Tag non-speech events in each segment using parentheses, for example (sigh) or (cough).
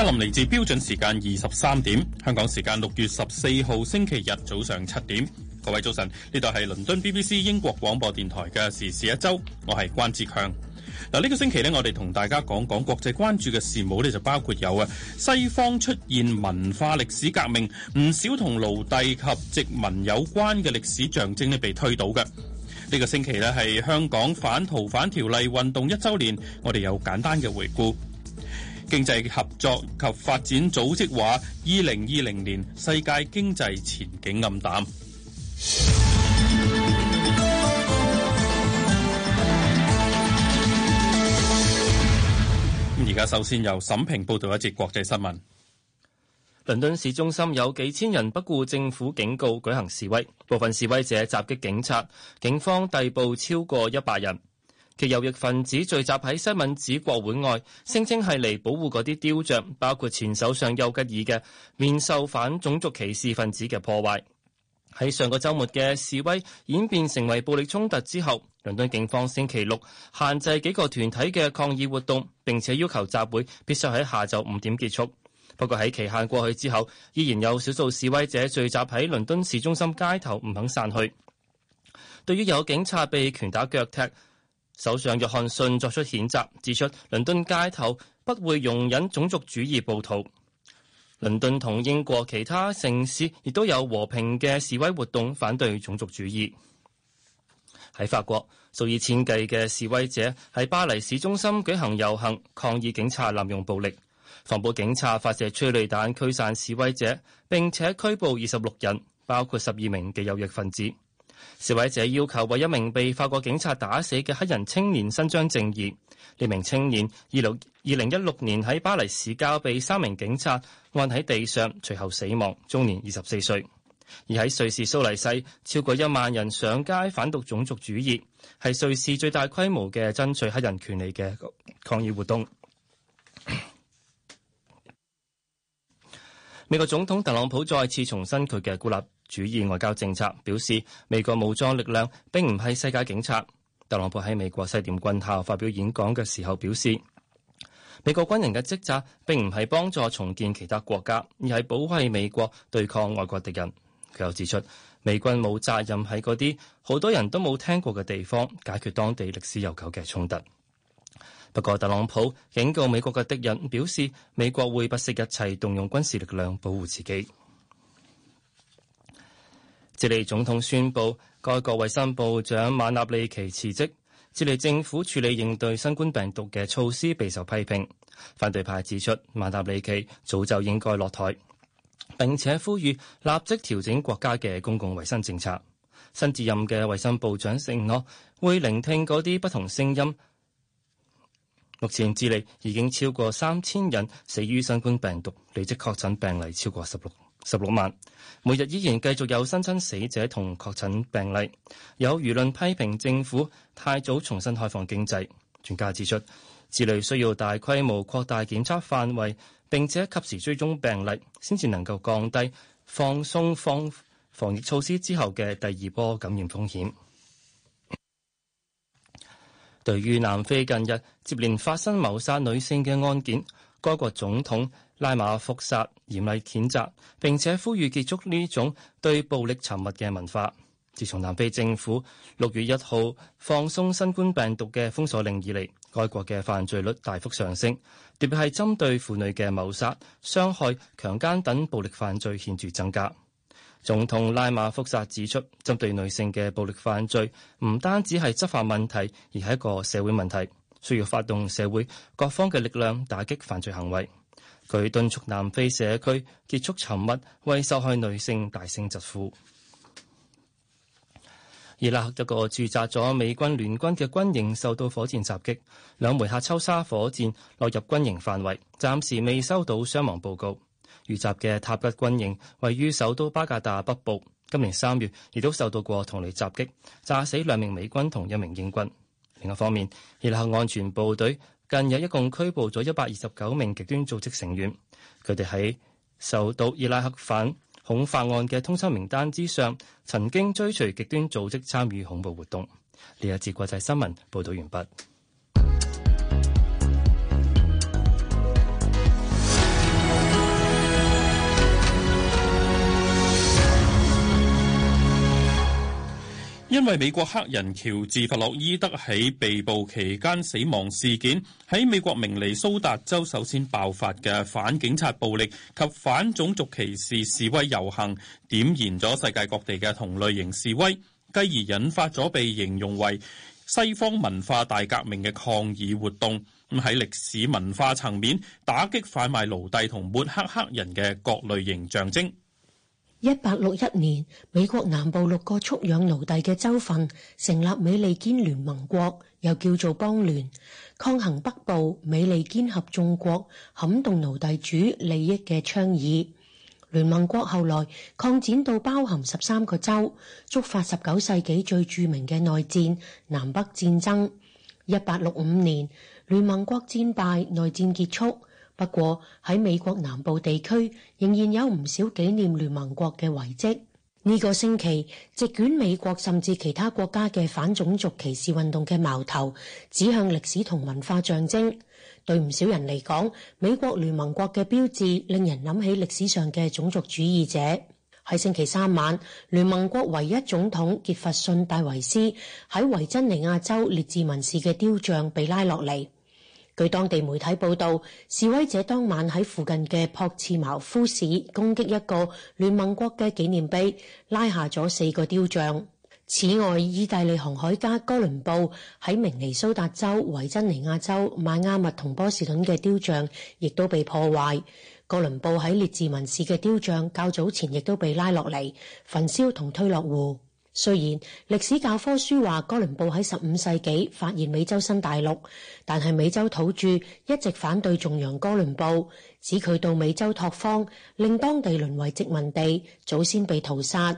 格林嚟自標準時間二十三點，香港時間六月十四號星期日早上七點。各位早晨，呢度係倫敦 BBC 英國廣播電台嘅時事一周，我係關志強。嗱，呢個星期呢，我哋同大家講講國際關注嘅事務呢就包括有啊，西方出現文化歷史革命，唔少同奴隸及殖民有關嘅歷史象徵咧被推倒嘅。呢個星期呢，係香港反逃犯條例運動一周年，我哋有簡單嘅回顧。經濟合作及發展組織話，二零二零年世界經濟前景暗淡。而家首先由沈平報道一節國際新聞。倫敦市中心有幾千人不顧政府警告舉行示威，部分示威者襲擊警察，警方逮捕超過一百人。其右翼分子聚集喺西敏寺國會外，聲稱係嚟，保護嗰啲雕像，包括前首相丘吉爾嘅，免受反種族歧視分子嘅破壞。喺上個周末嘅示威演變成為暴力衝突之後，倫敦警方星期六限制幾個團體嘅抗議活動，並且要求集會必須喺下晝五點結束。不過喺期限過去之後，依然有少數示威者聚集喺倫敦市中心街頭，唔肯散去。對於有警察被拳打腳踢。首相約翰遜作出譴責，指出倫敦街頭不會容忍種族主義暴徒。倫敦同英國其他城市亦都有和平嘅示威活動反對種族主義。喺法國，數以千計嘅示威者喺巴黎市中心舉行遊行，抗議警察濫用暴力。防暴警察發射催淚彈驅散示威者，並且拘捕二十六人，包括十二名極右翼分子。示威者要求為一名被法國警察打死嘅黑人青年伸張正義。呢名青年二六二零一六年喺巴黎市郊被三名警察按喺地上，隨後死亡，終年二十四歲。而喺瑞士蘇黎世，超過一萬人上街反對種族主義，係瑞士最大規模嘅爭取黑人權利嘅抗議活動。美國總統特朗普再次重申佢嘅孤立。主義外交政策，表示美國武裝力量並唔係世界警察。特朗普喺美國西點軍校發表演講嘅時候表示，美國軍人嘅職責並唔係幫助重建其他國家，而係保衞美國對抗外國敵人。佢又指出，美軍冇責任喺嗰啲好多人都冇聽過嘅地方解決當地歷史悠久嘅衝突。不過，特朗普警告美國嘅敵人，表示美國會不惜一切動用軍事力量保護自己。智利總統宣布該國衞生部長馬納里奇辭職。智利政府處理應對新冠病毒嘅措施備受批評，反對派指出馬納里奇早就應該落台，並且呼籲立即調整國家嘅公共衞生政策。新接任嘅衞生部長承諾會聆聽嗰啲不同聲音。目前智利已經超過三千人死於新冠病毒，累積確診病例超過十六十六萬，每日依然繼續有新增死者同確診病例。有輿論批評政府太早重新開放經濟。專家指出，治理需要大規模擴大檢測範圍，並且及時追蹤病例，先至能夠降低放鬆防防疫措施之後嘅第二波感染風險。對於南非近日接連發生謀殺女性嘅案件，該國總統拉馬福薩嚴厲譴責，並且呼籲結束呢種對暴力沉默嘅文化。自從南非政府六月一號放鬆新冠病毒嘅封鎖令以嚟，該國嘅犯罪率大幅上升，特別係針對婦女嘅謀殺、傷害、強姦等暴力犯罪顯著增加。總統拉馬福薩指出，針對女性嘅暴力犯罪唔單止係執法問題，而係一個社會問題，需要發動社會各方嘅力量，打擊犯罪行為。佢敦促南非社區結束沉默，為受害女性大聲疾呼。伊拉克一個駐紮咗美軍聯軍嘅軍營受到火箭襲擊，兩枚喀秋莎火箭落入軍營範圍，暫時未收到傷亡報告。遇襲嘅塔吉軍營位於首都巴格達北部，今年三月亦都受到過同類襲擊，炸死兩名美軍同一名英軍。另一方面，伊拉克安全部隊，近日一共拘捕咗一百二十九名極端組織成員，佢哋喺受到伊拉克反恐法案嘅通緝名單之上，曾經追隨極端組織參與恐怖活動。呢一次國際新聞報道完畢。因為美國黑人喬治弗洛伊德喺被捕期間死亡事件，喺美國明尼蘇達州首先爆發嘅反警察暴力及反種族歧視示威遊行，點燃咗世界各地嘅同類型示威，繼而引發咗被形容為西方文化大革命嘅抗議活動。咁喺歷史文化層面，打擊販賣奴隸同抹黑黑人嘅各類型象徵。一八六一年，美國南部六個蓄養奴隸嘅州份成立美利堅聯盟國，又叫做邦聯，抗衡北部美利堅合眾國，撼動奴隸主利益嘅倡議。聯盟國後來擴展到包含十三個州，觸發十九世紀最著名嘅內戰——南北戰爭。一八六五年，聯盟國戰敗，內戰結束。不過喺美國南部地區，仍然有唔少紀念聯盟國嘅遺跡。呢、這個星期，席捲美國甚至其他國家嘅反種族歧視運動嘅矛頭，指向歷史同文化象徵。對唔少人嚟講，美國聯盟國嘅標誌，令人諗起歷史上嘅種族主義者。喺星期三晚，聯盟國唯一總統傑弗遜·戴維斯喺維珍尼亞州列治文市嘅雕像被拉落嚟。據當地媒體報導，示威者當晚喺附近嘅朴茨茅夫市攻擊一個聯盟國嘅紀念碑，拉下咗四個雕像。此外，意大利航海家哥倫布喺明尼蘇達州、維珍尼亞州、邁阿密同波士頓嘅雕像亦都被破壞。哥倫布喺列治文市嘅雕像較早前亦都被拉落嚟、焚燒同推落湖。雖然歷史教科書話哥倫布喺十五世紀發現美洲新大陸，但係美洲土著一直反對頌揚哥倫布，指佢到美洲拓荒，令當地淪為殖民地，祖先被屠殺。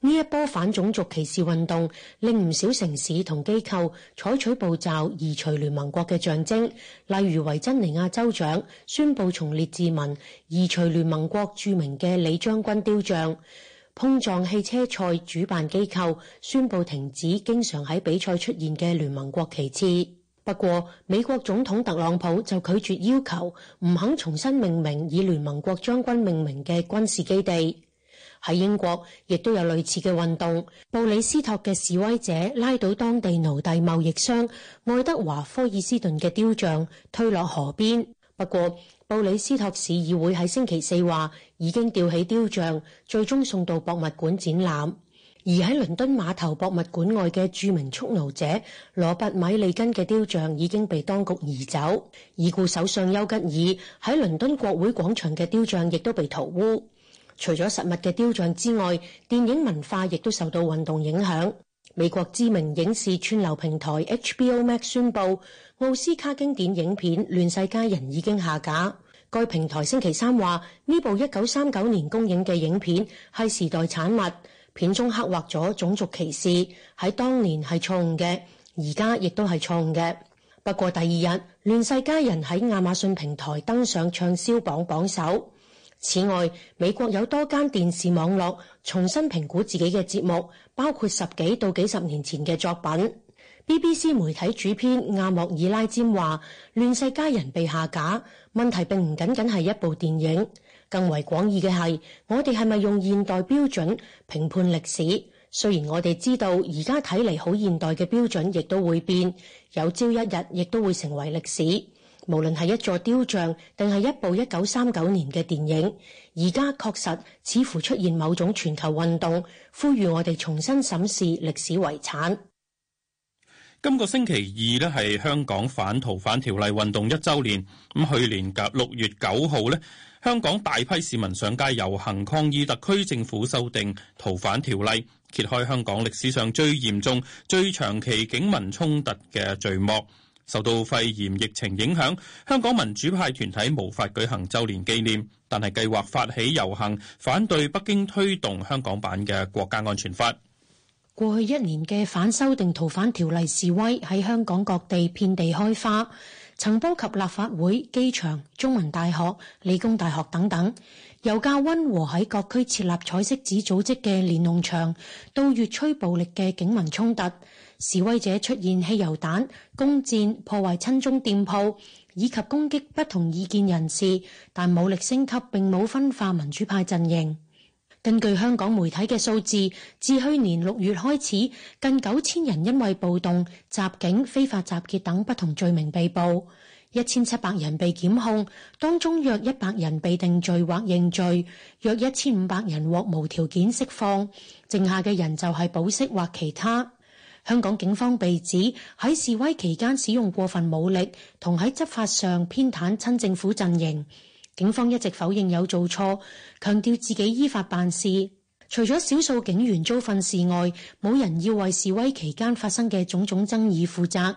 呢一波反種族歧視運動令唔少城市同機構採取步驟移，移除聯盟國嘅象徵，例如維珍尼亞州長宣布從列治文移除聯盟國著名嘅李將軍雕像。碰撞汽車賽主辦機構宣布停止經常喺比賽出現嘅聯盟國旗幟，不過美國總統特朗普就拒絕要求，唔肯重新命名以聯盟國將軍命名嘅軍事基地。喺英國，亦都有類似嘅運動，布里斯托嘅示威者拉倒當地奴隸貿易商愛德華科爾斯頓嘅雕像，推落河邊。不過，cin stereotype and dragging 布里斯托市議會喺星期四話,已經吊起雕像,最終送到博物館展覽。而喺倫敦碼頭博物館外嘅著名蓄奴者,羅伯米利根嘅雕像已經被當局移走。已故首相丘吉爾,喺倫敦國會廣場嘅雕像亦都被塗污。除咗實物嘅雕像之外,電影文化亦都受到運動影響。美國知名影視串流平台 HBO Max 宣布,奧斯卡經典影片《亂世佳人》已經下架。該平台星期三話，呢部一九三九年公映嘅影片係時代產物，片中刻畫咗種族歧視，喺當年係錯誤嘅，而家亦都係錯誤嘅。不過第二日，《亂世佳人》喺亞馬遜平台登上暢銷榜榜首。此外，美國有多間電視網絡重新評估自己嘅節目，包括十幾到幾十年前嘅作品。BBC 媒體主編亞莫爾拉詹話：《亂世佳人》被下架，問題並唔僅僅係一部電影，更為廣義嘅係，我哋係咪用現代標準評判歷史？雖然我哋知道而家睇嚟好現代嘅標準，亦都會變，有朝一日亦都會成為歷史。無論係一座雕像，定係一部一九三九年嘅電影，而家確實似乎出現某種全球運動，呼籲我哋重新審視歷史遺產。今個星期二咧，係香港反逃犯條例運動一週年。咁去年九六月九號呢，香港大批市民上街遊行抗議特區政府修訂逃犯條例，揭開香港歷史上最嚴重、最長期警民衝突嘅序幕。受到肺炎疫情影響，香港民主派團體無法舉行周年紀念，但係計劃發起遊行，反對北京推動香港版嘅國家安全法。過去一年嘅反修訂逃犯條例示威喺香港各地遍地開花，曾波及立法會、機場、中文大學、理工大學等等。由較溫和喺各區設立彩色紙組織嘅連儂牆，到越趨暴力嘅警民衝突，示威者出現汽油彈弓箭、破壞親中店鋪以及攻擊不同意見人士，但武力升級並冇分化民主派陣營。根據香港媒體嘅數字，自去年六月開始，近九千人因為暴動、襲警、非法集結等不同罪名被捕，一千七百人被檢控，當中約一百人被定罪或認罪，約一千五百人獲無條件釋放，剩下嘅人就係保釋或其他。香港警方被指喺示威期間使用過分武力，同喺執法上偏袒親政府陣營。警方一直否認有做錯，強調自己依法辦事。除咗少數警員遭訓示外，冇人要為示威期間發生嘅種種爭議負責。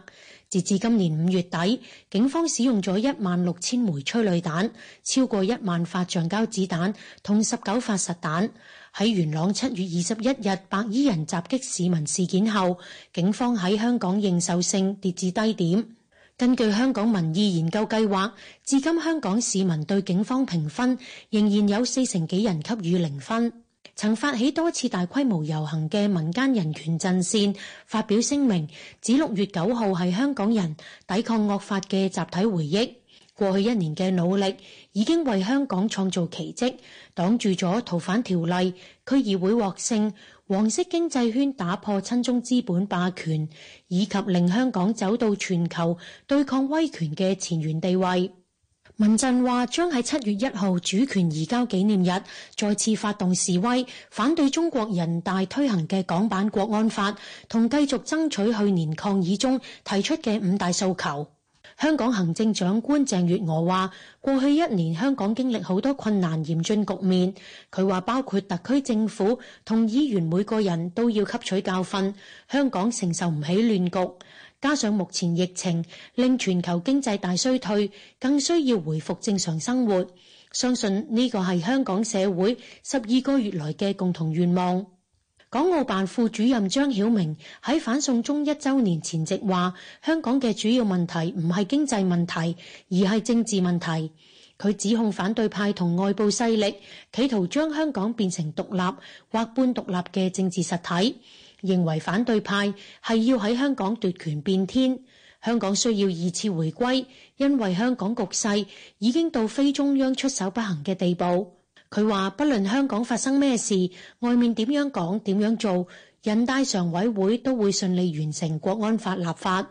截至今年五月底，警方使用咗一萬六千枚催淚彈，超過一萬發橡膠子彈同十九發實彈。喺元朗七月二十一日白衣人襲擊市民事件後，警方喺香港認受性跌至低點。根據香港民意研究計劃，至今香港市民對警方評分仍然有四成幾人給予零分。曾發起多次大規模遊行嘅民間人權陣線發表聲明，指六月九號係香港人抵抗惡法嘅集體回憶。過去一年嘅努力已經為香港創造奇蹟，擋住咗逃犯條例，區議會獲勝。黃色經濟圈打破親中資本霸權，以及令香港走到全球對抗威權嘅前沿地位。民陣話將喺七月一號主權移交紀念日再次發動示威，反對中國人大推行嘅港版國安法，同繼續爭取去年抗議中提出嘅五大訴求。香港行政長官鄭月娥話：過去一年，香港經歷好多困難嚴峻局面。佢話包括特區政府同議員每個人都要吸取教訓。香港承受唔起亂局，加上目前疫情令全球經濟大衰退，更需要回復正常生活。相信呢個係香港社會十二個月來嘅共同願望。港澳辦副主任張曉明喺反送中一周年前夕話，香港嘅主要問題唔係經濟問題，而係政治問題。佢指控反對派同外部勢力企圖將香港變成獨立或半獨立嘅政治實體，認為反對派係要喺香港奪權變天。香港需要二次回歸，因為香港局勢已經到非中央出手不行嘅地步。佢話不論香港發生咩事，外面點樣講點樣做，人大常委會都會順利完成國安法立法。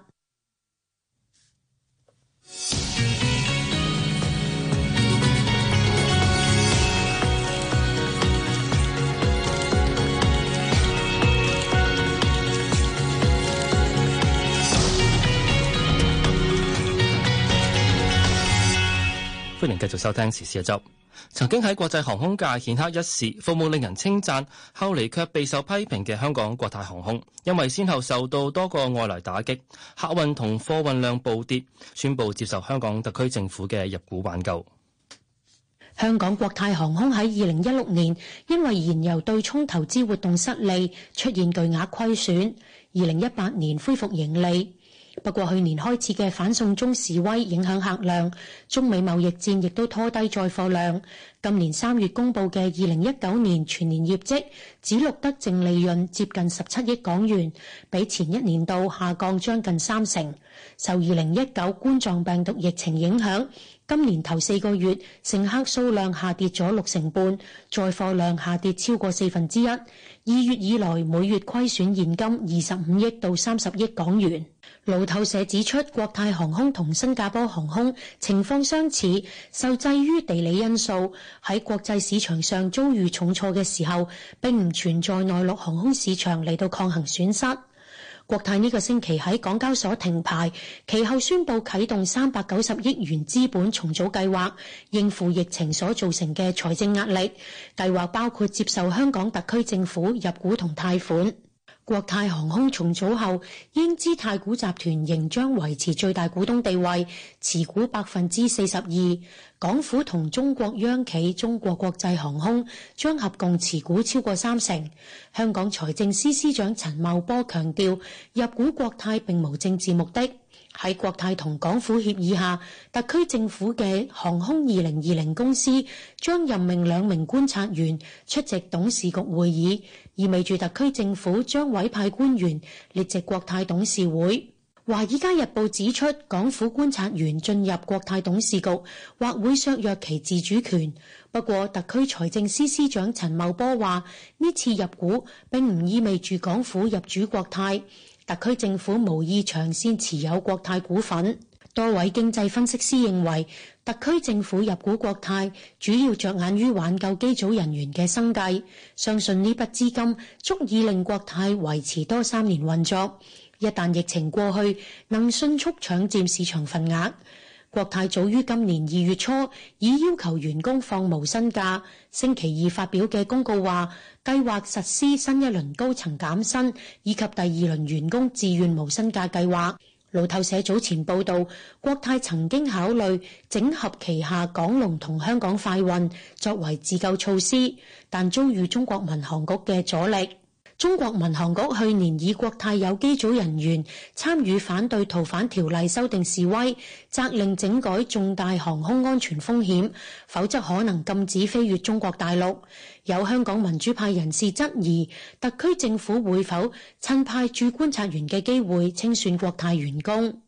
歡迎繼續收聽時事一周。曾經喺國際航空界顯赫一時，服務令人稱讚，後嚟卻備受批評嘅香港國泰航空，因為先後受到多個外來打擊，客運同貨運量暴跌，宣布接受香港特區政府嘅入股挽救。香港國泰航空喺二零一六年因為燃油對沖投資活動失利，出現巨額虧損，二零一八年恢復盈利。不過，去年開始嘅反送中示威影響客量，中美貿易戰亦都拖低載貨量。今年三月公佈嘅二零一九年全年業績，只錄得淨利潤接近十七億港元，比前一年度下降將近三成。受二零一九冠狀病毒疫情影響，今年頭四個月乘客數量下跌咗六成半，載貨量下跌超過四分之一。二月以來，每月虧損現金二十五億到三十億港元。路透社指出，國泰航空同新加坡航空情況相似，受制於地理因素，喺國際市場上遭遇重挫嘅時候，並唔存在內陸航空市場嚟到抗衡損失。國泰呢個星期喺港交所停牌，其後宣布啟動三百九十億元資本重組計劃，應付疫情所造成嘅財政壓力。計劃包括接受香港特區政府入股同貸款。國泰航空重組後，英資太古集團仍將維持最大股東地位，持股百分之四十二。港府同中國央企中國國際航空將合共持股超過三成。香港財政司司司長陳茂波強調，入股國泰並無政治目的。喺國泰同港府協議下，特區政府嘅航空二零二零公司將任命兩名觀察員出席董事局會議。意味住特區政府將委派官員列席國泰董事會。華爾街日報指出，港府觀察員進入國泰董事局，或會削弱其自主權。不過，特區財政司司，司長陳茂波話，呢次入股並唔意味住港府入主國泰。特區政府無意長線持有國泰股份。多位經濟分析師認為，特區政府入股國泰，主要着眼於挽救機組人員嘅生計。相信呢筆資金足以令國泰維持多三年運作。一旦疫情過去，能迅速搶佔市場份額。國泰早於今年二月初已要求員工放無薪假。星期二發表嘅公告話，計劃實施新一輪高層減薪，以及第二輪員工自願無薪假計劃。路透社早前報道，國泰曾經考慮整合旗下港龍同香港快運作為自救措施，但遭遇中國民航局嘅阻力。中國民航局去年以國泰有機組人員參與反對逃犯條例修訂示威，責令整改重大航空安全風險，否則可能禁止飛越中國大陸。有香港民主派人士質疑，特區政府會否趁派駐觀察員嘅機會清算國泰員工？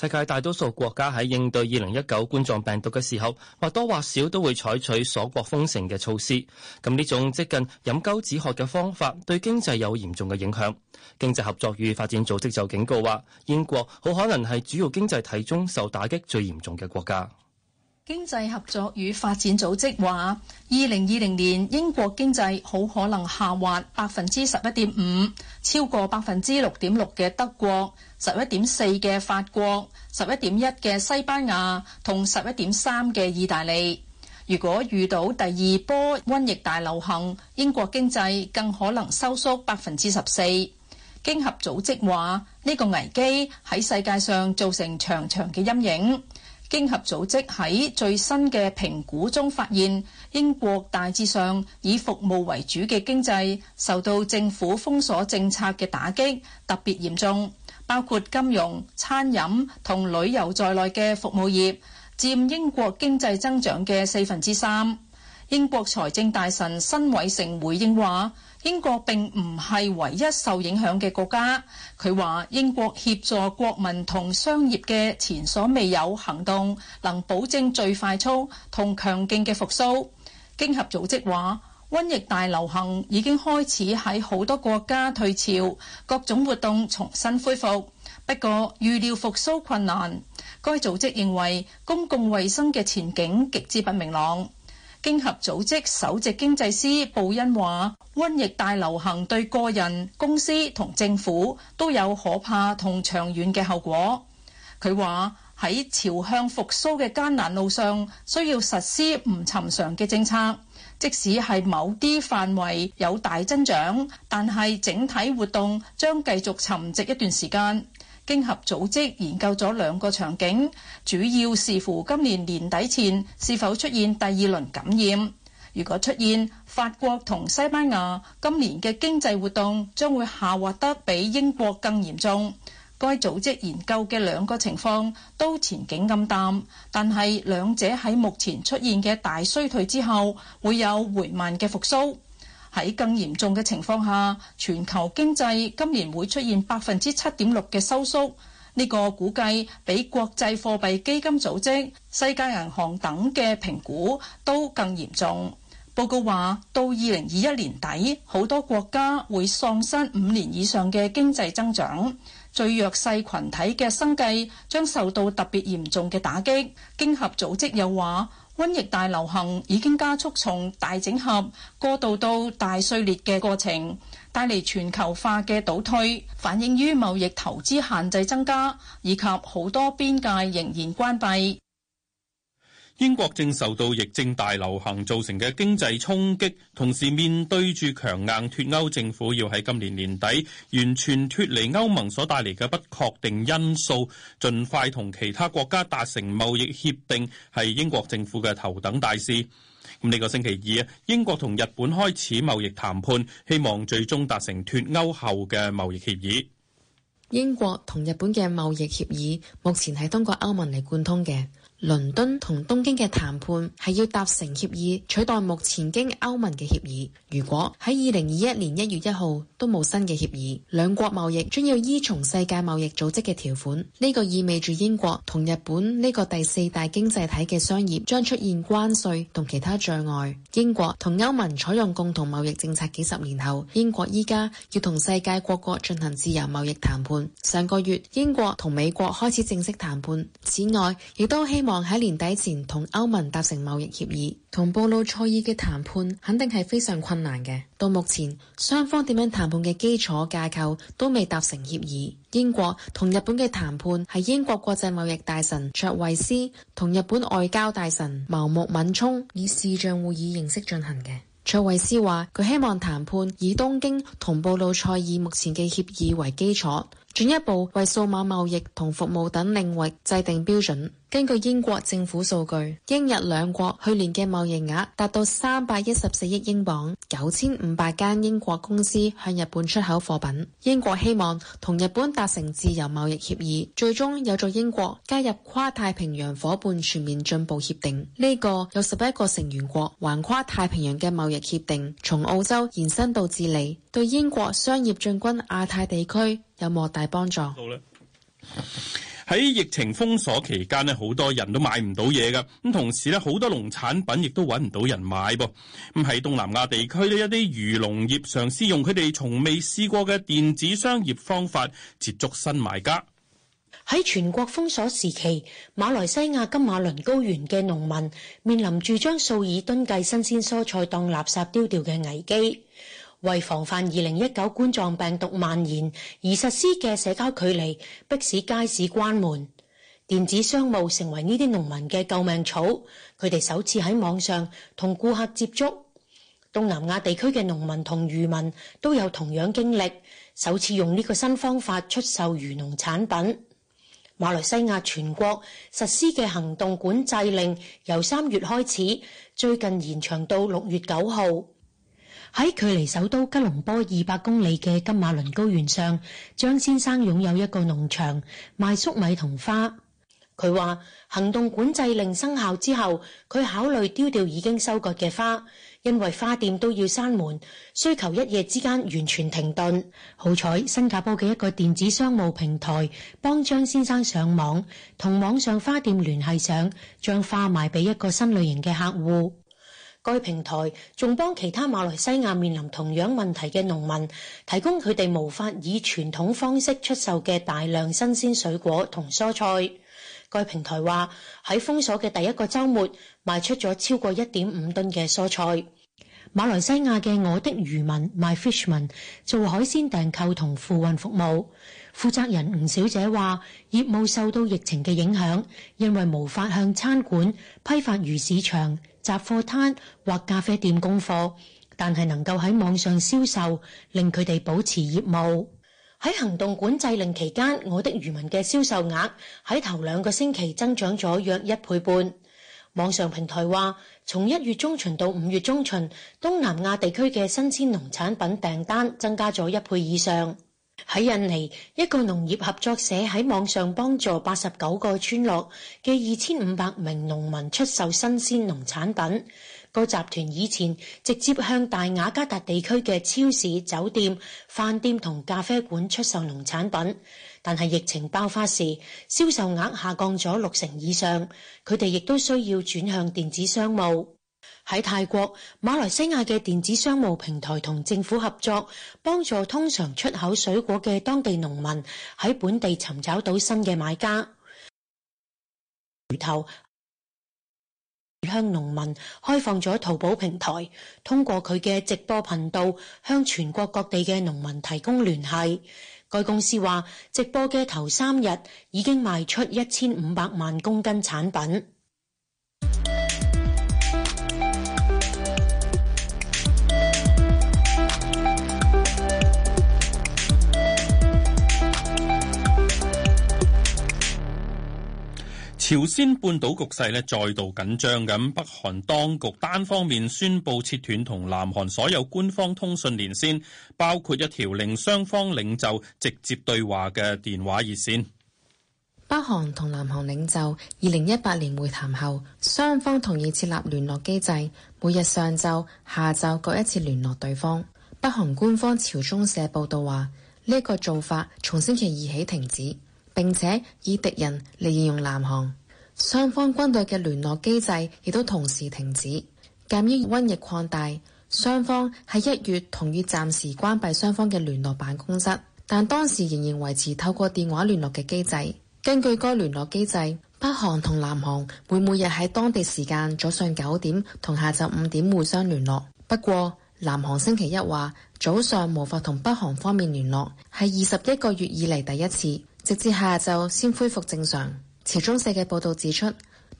世界大多數國家喺應對二零一九冠狀病毒嘅時候，或多或少都會採取鎖國封城嘅措施。咁呢種接近飲鴆止渴嘅方法，對經濟有嚴重嘅影響。經濟合作與發展組織就警告話，英國好可能係主要經濟體中受打擊最嚴重嘅國家。經濟合作與發展組織話，二零二零年英國經濟好可能下滑百分之十一點五，超過百分之六點六嘅德國，十一點四嘅法國，十一點一嘅西班牙同十一點三嘅意大利。如果遇到第二波瘟疫大流行，英國經濟更可能收縮百分之十四。經合組織話，呢個危機喺世界上造成長長嘅陰影。經合組織喺最新嘅評估中發現，英國大致上以服務為主嘅經濟受到政府封鎖政策嘅打擊，特別嚴重，包括金融、餐飲同旅遊在內嘅服務業，佔英國經濟增長嘅四分之三。英國財政大臣辛偉誠回應話：英國並唔係唯一受影響嘅國家。佢話英國協助國民同商業嘅前所未有行動，能保證最快速同強勁嘅復甦。經合組織話瘟疫大流行已經開始喺好多國家退潮，各種活動重新恢復。不過預料復甦困難。該組織認為公共衛生嘅前景極之不明朗。經合組織首席經濟師布恩話：瘟疫大流行對個人、公司同政府都有可怕同長遠嘅後果。佢話，喺朝向復甦嘅艱難路上，需要實施唔尋常嘅政策。即使係某啲範圍有大增長，但係整體活動將繼續沉寂一段時間。經合組織研究咗兩個場景,主要視乎今年年底前是否出現第二輪感染。如果出現,法國同西班牙今年嘅經濟活動將會下滑得比英國更嚴重。該組織研究嘅兩個情況都前景黯淡,但係兩者喺目前出現嘅大衰退之後會有緩慢嘅復甦。喺更嚴重嘅情況下，全球經濟今年會出現百分之七點六嘅收縮，呢個估計比國際貨幣基金組織、世界銀行等嘅評估都更嚴重。報告話，到二零二一年底，好多國家會喪失五年以上嘅經濟增長，最弱勢群體嘅生計將受到特別嚴重嘅打擊。經合組織又話，瘟疫大流行已經加速從大整合過渡到大碎裂嘅過程，帶嚟全球化嘅倒退，反映於貿易投資限制增加，以及好多邊界仍然關閉。英國正受到疫症大流行造成嘅經濟衝擊，同時面對住強硬脫歐政府要喺今年年底完全脫離歐盟所帶嚟嘅不確定因素，盡快同其他國家達成貿易協定係英國政府嘅頭等大事。咁呢個星期二，英國同日本開始貿易談判，希望最終達成脫歐後嘅貿易協議。英國同日本嘅貿易協議目前係通過歐盟嚟貫通嘅。倫敦同東京嘅談判係要達成協議取代目前經歐盟嘅協議。如果喺二零二一年一月一號都冇新嘅協議，兩國貿易將要依從世界貿易組織嘅條款。呢個意味住英國同日本呢個第四大經濟體嘅商業將出現關稅同其他障礙。英國同歐盟採用共同貿易政策幾十年後，英國依家要同世界各國進行自由貿易談判。上個月英國同美國開始正式談判。此外，亦都希望。希望喺年底前同歐盟達成貿易協議，同布魯塞爾嘅談判肯定係非常困難嘅。到目前，雙方點樣談判嘅基礎架構都未達成協議。英國同日本嘅談判係英國國際貿易大臣卓維斯同日本外交大臣茂木敏充以視像會議形式進行嘅。卓維斯話佢希望談判以東京同布魯塞爾目前嘅協議為基礎。進一步為數碼貿易同服務等領域制定標準。根據英國政府數據，英日兩國去年嘅貿易額達到三百一十四億英鎊，九千五百間英國公司向日本出口貨品。英國希望同日本達成自由貿易協議，最終有助英國加入跨太平洋伙伴全面進步協定。呢、這個有十一個成員國，橫跨太平洋嘅貿易協定，從澳洲延伸到智利，對英國商業進軍亞太,太地區。有冇大幫助？喺疫情封鎖期間咧，好多人都買唔到嘢噶，咁同時咧，好多農產品亦都搵唔到人買噃。咁喺東南亞地區咧，一啲漁農業嘗試用佢哋從未試過嘅電子商業方法接觸新買家。喺全國封鎖時期，馬來西亞金馬倫高原嘅農民面臨住將數以噸計新鮮蔬菜當垃圾丟掉嘅危機。為防範二零一九冠狀病毒蔓延而實施嘅社交距離，迫使街市關門。電子商務成為呢啲農民嘅救命草，佢哋首次喺網上同顧客接觸。東南亞地區嘅農民同漁民都有同樣經歷，首次用呢個新方法出售漁農產品。馬來西亞全國實施嘅行動管制令由三月開始，最近延長到六月九號。喺距離首都吉隆坡二百公里嘅金馬倫高原上，張先生擁有一個農場，賣粟米同花。佢話，行動管制令生效之後，佢考慮丟掉已經收割嘅花，因為花店都要閂門，需求一夜之間完全停頓。好彩，新加坡嘅一個電子商務平台幫張先生上網同網上花店聯繫上，將花賣俾一個新類型嘅客戶。該平台仲幫其他馬來西亞面臨同樣問題嘅農民提供佢哋無法以傳統方式出售嘅大量新鮮水果同蔬菜。該平台話喺封鎖嘅第一個周末賣出咗超過一點五噸嘅蔬菜。馬來西亞嘅我的漁民 My Fishman 做海鮮訂購同付運服務，負責人吳小姐話業務受到疫情嘅影響，因為無法向餐館批發魚市場。雜貨攤或咖啡店供貨，但係能夠喺網上銷售，令佢哋保持業務。喺行動管制令期間，我哋漁民嘅銷售額喺頭兩個星期增長咗約一倍半。網上平台話，從一月中旬到五月中旬，東南亞地區嘅新鮮農產品訂單增加咗一倍以上。喺印尼，一個農業合作社喺網上幫助八十九個村落嘅二千五百名農民出售新鮮農產品。個集團以前直接向大雅加達地區嘅超市、酒店、飯店同咖啡館出售農產品，但係疫情爆發時，銷售額下降咗六成以上。佢哋亦都需要轉向電子商務。喺泰國、馬來西亞嘅電子商務平台同政府合作，幫助通常出口水果嘅當地農民喺本地尋找到新嘅買家。然後向農民開放咗淘寶平台，通過佢嘅直播頻道向全國各地嘅農民提供聯繫。該公司話，直播嘅頭三日已經賣出一千五百萬公斤產品。朝鮮半島局勢咧再度緊張咁，北韓當局單方面宣布切斷同南韓所有官方通訊連線，包括一條令雙方領袖直接對話嘅電話熱線。北韓同南韓領袖二零一八年會談後，雙方同意設立聯絡機制，每日上晝、下晝各一次聯絡對方。北韓官方朝中社報道話，呢個做法從星期二起停止，並且以敵人嚟，形容南韓。雙方軍隊嘅聯絡機制亦都同時停止，鑒於瘟疫擴大，雙方喺一月同意暫時關閉雙方嘅聯絡辦公室，但當時仍然維持透過電話聯絡嘅機制。根據該聯絡機制，北韓同南韓會每日喺當地時間早上九點同下晝五點互相聯絡。不過，南韓星期一話早上無法同北韓方面聯絡，係二十一個月以嚟第一次，直至下晝先恢復正常。朝中社嘅報道指出，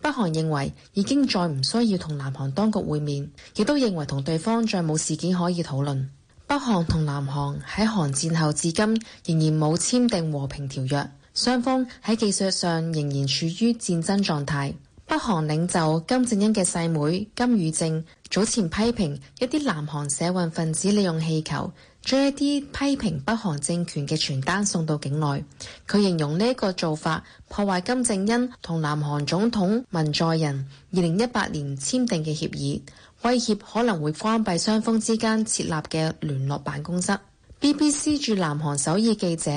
北韓認為已經再唔需要同南韓當局會面，亦都認為同對方再冇事件可以討論。北韓同南韓喺韓戰後至今仍然冇簽訂和平條約，雙方喺技術上仍然處於戰爭狀態。北韓領袖金正恩嘅細妹金與正早前批評一啲南韓社運分子利用氣球。將一啲批評北韓政權嘅傳單送到境內，佢形容呢個做法破壞金正恩同南韓總統文在寅二零一八年簽訂嘅協議，威脅可能會關閉雙方之間設立嘅聯絡辦公室。BBC 駐南韓首爾記者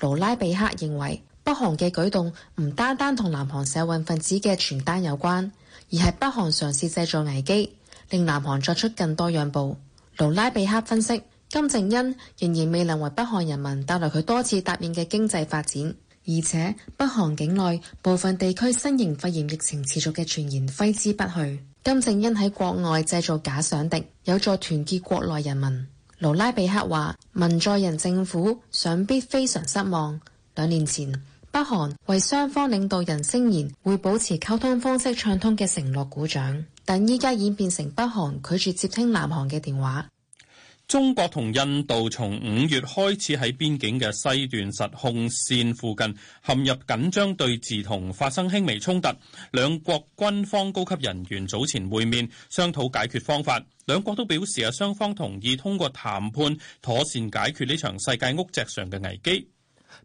勞拉比克認為，北韓嘅舉動唔單單同南韓社運分子嘅傳單有關，而係北韓嘗試製造危機，令南韓作出更多讓步。勞拉比克分析。金正恩仍然未能為北韓人民帶來佢多次答應嘅經濟發展，而且北韓境內部分地區新型肺炎疫情持續嘅傳言揮之不去。金正恩喺國外製造假想敵，有助團結國內人民。盧拉比克話：文在寅政府想必非常失望。兩年前，北韓為雙方領導人聲言會保持溝通方式暢通嘅承諾鼓掌，但依家演變成北韓拒絕接聽南韓嘅電話。中國同印度從五月開始喺邊境嘅西段實控線附近陷入緊張對峙同發生輕微衝突，兩國軍方高級人員早前會面商討解決方法，兩國都表示啊雙方同意通過談判妥善解決呢場世界屋脊上嘅危機。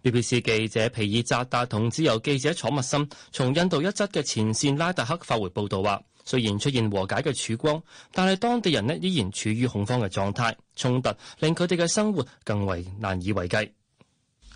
BBC 記者皮爾扎達同自由記者楚麥森從印度一側嘅前線拉達克發回報導話。雖然出現和解嘅曙光，但係當地人咧依然處於恐慌嘅狀態。衝突令佢哋嘅生活更為難以為繼。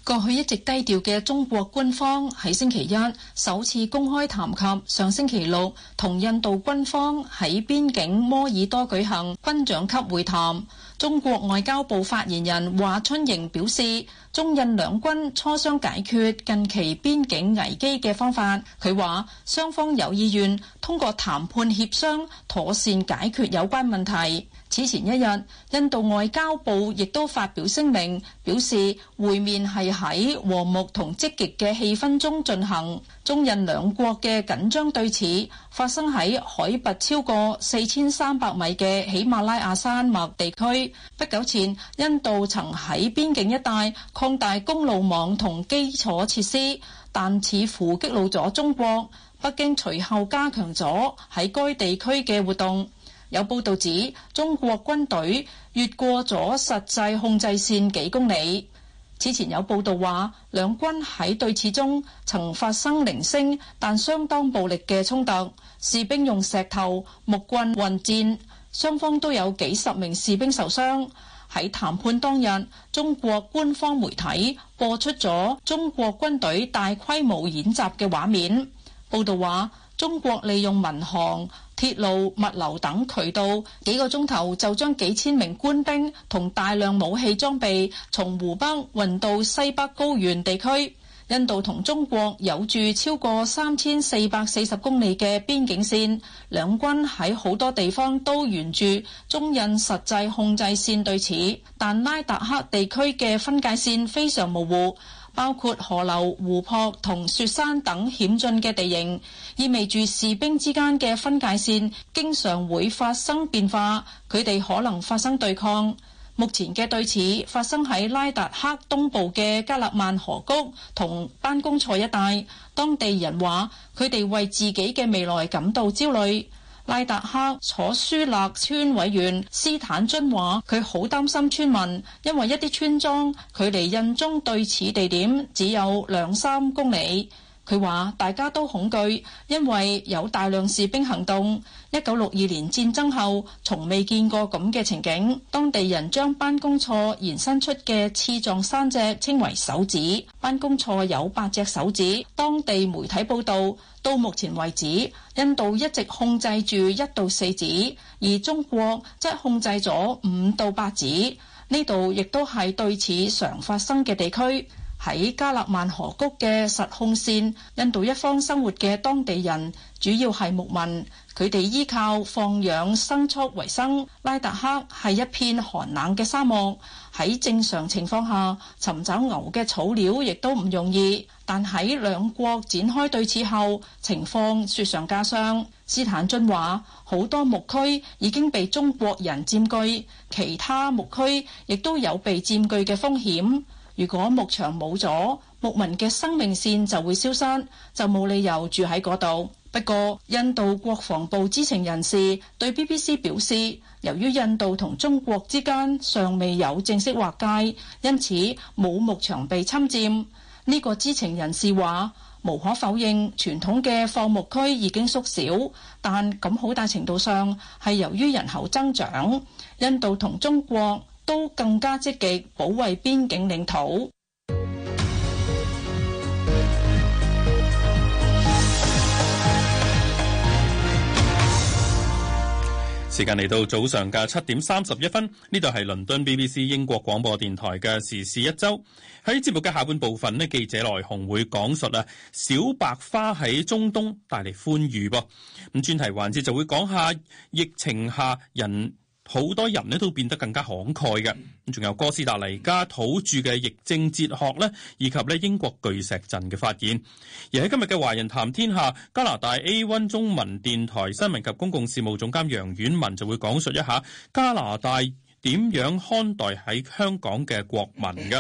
過去一直低調嘅中國軍方喺星期一首次公開談及上星期六同印度軍方喺邊境摩爾多舉行軍長級會談。中國外交部發言人華春瑩表示，中印兩軍磋商解決近期邊境危機嘅方法。佢話，雙方有意願通過談判協商，妥善解決有關問題。此前一日，印度外交部亦都發表聲明，表示會面係喺和睦同積極嘅氣氛中進行。中印兩國嘅緊張對峙發生喺海拔超過四千三百米嘅喜馬拉雅山脈地區，不久前，印度曾喺邊境一帶擴大公路網同基礎設施，但似乎激怒咗中國。北京隨後加強咗喺該地區嘅活動。有報道指中國軍隊越過咗實際控制線幾公里。此前有報道話，兩軍喺對峙中曾發生零星但相當暴力嘅衝突，士兵用石頭、木棍混戰，雙方都有幾十名士兵受傷。喺談判當日，中國官方媒體播出咗中國軍隊大規模演習嘅畫面。報道話，中國利用民航、鐵路、物流等渠道，幾個鐘頭就將幾千名官兵同大量武器裝備從湖北運到西北高原地區。印度同中國有住超過三千四百四十公里嘅邊境線，兩軍喺好多地方都沿住中印實際控制線對峙，但拉達克地區嘅分界線非常模糊。包括河流、湖泊同雪山等險峻嘅地形，意味住士兵之間嘅分界線經常會發生變化，佢哋可能發生對抗。目前嘅對峙發生喺拉達克東部嘅加勒萬河谷同班公賽一帶，當地人話，佢哋為自己嘅未來感到焦慮。拉達克楚舒勒村委員斯坦津話，佢好擔心村民，因為一啲村莊距離印中對峙地點只有兩三公里。佢話：大家都恐懼，因為有大量士兵行動。一九六二年戰爭後，從未見過咁嘅情景。當地人將班公錯延伸出嘅刺狀山脊稱為手指。班公錯有八隻手指。當地媒體報道，到目前為止，印度一直控制住一到四指，而中國則控制咗五到八指。呢度亦都係對此常發生嘅地區。喺加勒萬河谷嘅實控線，印度一方生活嘅當地人主要係牧民，佢哋依靠放養牲畜為生。拉達克係一片寒冷嘅沙漠，喺正常情況下尋找牛嘅草料亦都唔容易。但喺兩國展開對峙後情況雪上加霜。斯坦津話好多牧區已經被中國人佔據，其他牧區亦都有被佔據嘅風險。如果牧場冇咗，牧民嘅生命線就會消失，就冇理由住喺嗰度。不過印度國防部知情人士對 BBC 表示,由於印度同中國之間尚未有正式劃界,因此冇牧場被侵佔,呢、這個知情人士話無可否認傳統嘅放牧區已經縮小,但咁好大程度上係由於人口增長,印度同中國。都更加積極保衛邊境領土。時間嚟到早上嘅七點三十一分，呢度係倫敦 BBC 英國廣播電台嘅《時事一周》。喺節目嘅下半部分咧，記者來鴻會講述啊，小白花喺中東帶嚟歡愉噃。咁專題環節就會講下疫情下人。好多人咧都變得更加慷慨嘅，仲有哥斯達黎加土著嘅疫症哲學咧，以及咧英國巨石陣嘅發現。而喺今日嘅《華人談天下》，加拿大 A1 中文電台新聞及公共事務總監楊婉文就會講述一下加拿大點樣看待喺香港嘅國民嘅。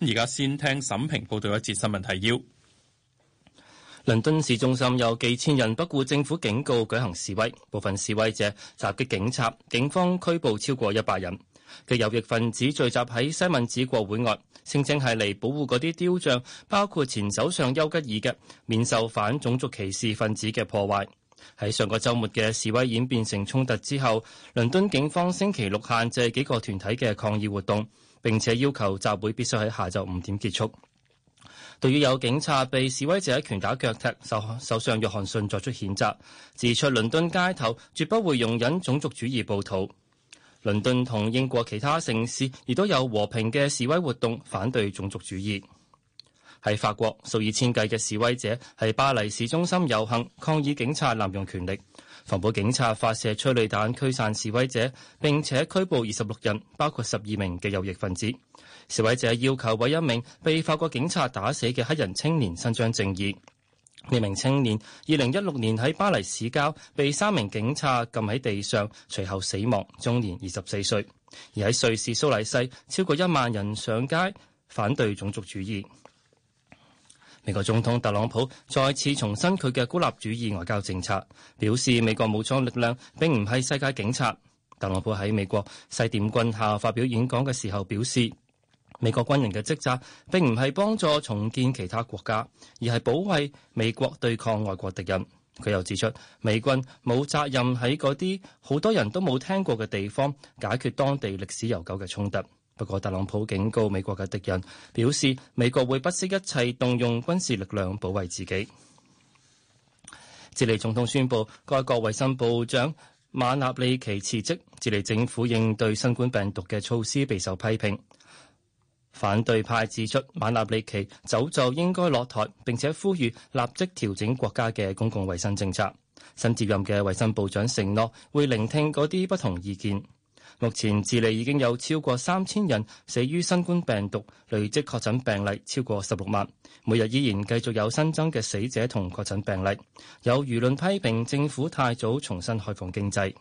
咁而家先聽沈平報道一節新聞提要。倫敦市中心有幾千人不顧政府警告舉行示威，部分示威者襲擊警察，警方拘捕超過一百人。嘅右翼分子聚集喺西敏寺國會外，聲稱係嚟保護嗰啲雕像，包括前首相丘吉爾嘅，免受反種族歧視分子嘅破壞。喺上個周末嘅示威演變成衝突之後，倫敦警方星期六限制幾個團體嘅抗議活動，並且要求集會必須喺下晝五點結束。對於有警察被示威者拳打腳踢，受傷，首相約翰遜作出譴責，指出倫敦街頭絕不會容忍種族主義暴徒。倫敦同英國其他城市亦都有和平嘅示威活動，反對種族主義。喺法國，數以千計嘅示威者喺巴黎市中心遊行，抗議警察濫用權力。防暴警察發射催淚彈驅散示威者，並且拘捕二十六人，包括十二名嘅右翼分子。示威者要求為一名被法國警察打死嘅黑人青年伸張正義。呢名青年二零一六年喺巴黎市郊被三名警察撳喺地上，隨後死亡，終年二十四歲。而喺瑞士蘇黎世，超過一萬人上街反對種族主義。美國總統特朗普再次重申佢嘅孤立主義外交政策，表示美國武裝力量並唔係世界警察。特朗普喺美國西點軍校發表演講嘅時候表示。美國軍人嘅職責並唔係幫助重建其他國家，而係保衛美國對抗外國敵人。佢又指出，美軍冇責任喺嗰啲好多人都冇聽過嘅地方解決當地歷史悠久嘅衝突。不過，特朗普警告美國嘅敵人，表示美國會不惜一切動用軍事力量保衛自己。智利總統宣布該國衞生部長馬納里奇辭職，智利政府應對新冠病毒嘅措施備受批評。反對派指出，馬納里奇早就應該落台，並且呼籲立即調整國家嘅公共衛生政策。新接任嘅衛生部長承諾會聆聽嗰啲不同意見。目前智利已經有超過三千人死於新冠病毒，累積確診病例超過十六萬，每日依然繼續有新增嘅死者同確診病例。有輿論批評政府太早重新開放經濟。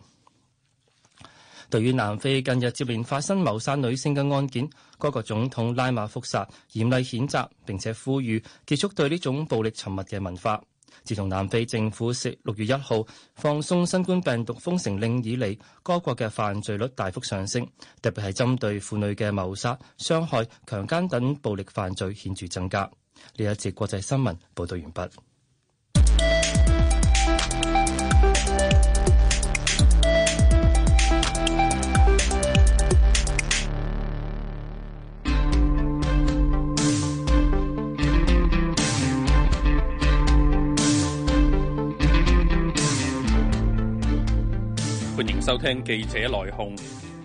對於南非近日接連發生謀殺女性嘅案件，該國總統拉馬福薩嚴厲譴責，並且呼籲結束對呢種暴力沉默嘅文化。自從南非政府喺六月一號放鬆新冠病毒封城令以嚟，該國嘅犯罪率大幅上升，特別係針對婦女嘅謀殺、傷害、強姦等暴力犯罪顯著增加。呢一節國際新聞報道完畢。收聽記者來鴻。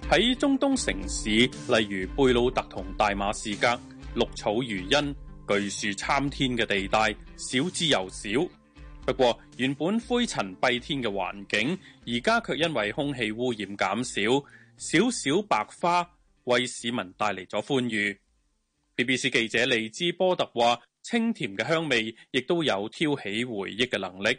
喺中東城市，例如貝魯特同大馬士革，綠草如茵、巨樹參天嘅地帶少之又少。不過原本灰塵蔽天嘅環境，而家卻因為空氣污染減少，小小白花為市民帶嚟咗歡愉。BBC 記者利茲波特話：清甜嘅香味亦都有挑起回憶嘅能力。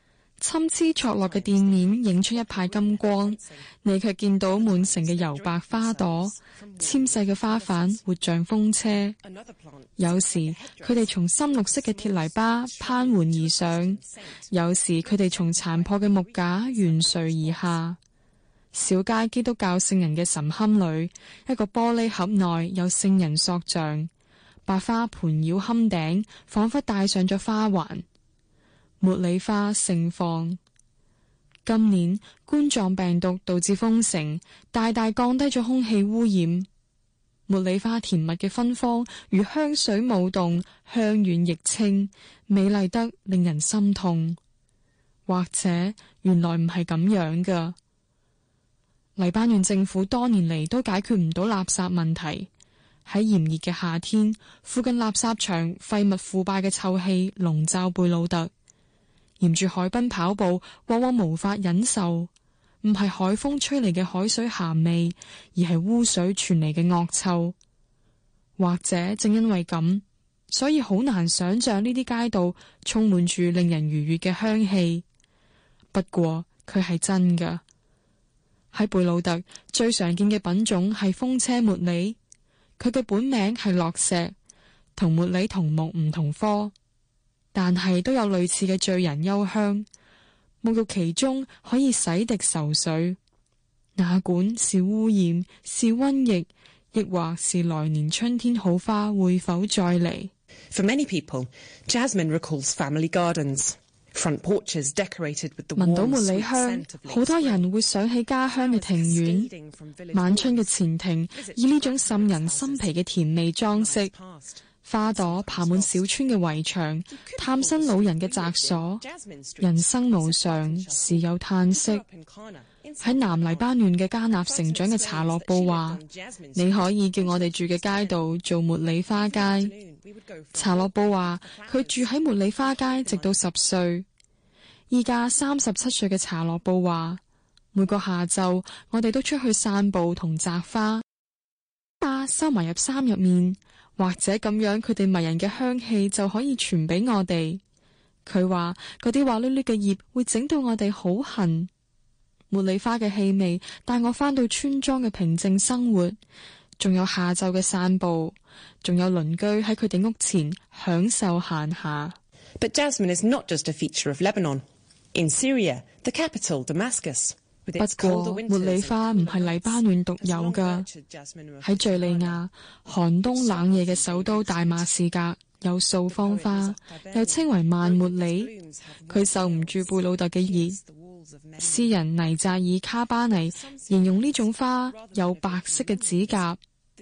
參差錯落嘅店面映出一派金光，你卻見到滿城嘅油白花朵，纖細嘅花瓣活像風車。有時佢哋從深綠色嘅鐵泥巴攀援而上，有時佢哋從殘破嘅木架懸垂而下。小街基督教聖人嘅神龕裏，一個玻璃盒內有聖人塑像，白花盤繞龕頂，仿佛戴上咗花環。茉莉花盛放，今年冠狀病毒導致封城，大大降低咗空氣污染。茉莉花甜蜜嘅芬芳如香水舞動，香遠益清，美麗得令人心痛。或者原來唔係咁樣噶？黎巴嫩政府多年嚟都解決唔到垃圾問題。喺炎熱嘅夏天，附近垃圾場廢物腐敗嘅臭氣籠罩貝魯特。沿住海濱跑步，往往無法忍受，唔係海風吹嚟嘅海水鹹味，而係污水傳嚟嘅惡臭。或者正因為咁，所以好難想象呢啲街道充滿住令人愉悅嘅香氣。不過佢係真嘅。喺貝魯特最常見嘅品種係風車茉莉，佢嘅本名係落石，同茉莉同木唔同科。但係都有類似嘅醉人幽香，沐浴其中可以洗滌愁緒。哪管是污染，是瘟疫，亦或是來年春天好花會否再嚟？聞到茉莉香，好香多人會想起家鄉嘅庭院、From the 晚春嘅前庭，the 以呢種沁人心脾嘅甜味裝飾。花朵爬滿小村嘅圍牆，探身老人嘅宅所。人生無常，時有嘆息。喺南黎巴嫩嘅加納成長嘅查洛布話：你可以叫我哋住嘅街道做茉莉花街。查洛布話：佢住喺茉莉花街直到十歲。而家三十七歲嘅查洛布話：每個下晝我哋都出去散步同摘花，花收埋入衫入面。或者咁樣，佢哋迷人嘅香氣就可以傳俾我哋。佢話嗰啲滑捋捋嘅葉會整到我哋好痕。茉莉花嘅氣味帶我翻到村莊嘅平靜生活，仲有下晝嘅散步，仲有鄰居喺佢哋屋前享受閒暇。」But jasmine is not just a feature of Lebanon. In Syria, the capital Damascus. 不過，茉莉花唔係黎巴嫩獨有噶。喺敘利亞寒冬冷夜嘅首都大馬士革有素方花，又稱為曼茉莉。佢受唔住貝魯特嘅熱。詩人尼扎爾卡巴尼形容呢種花有白色嘅指甲，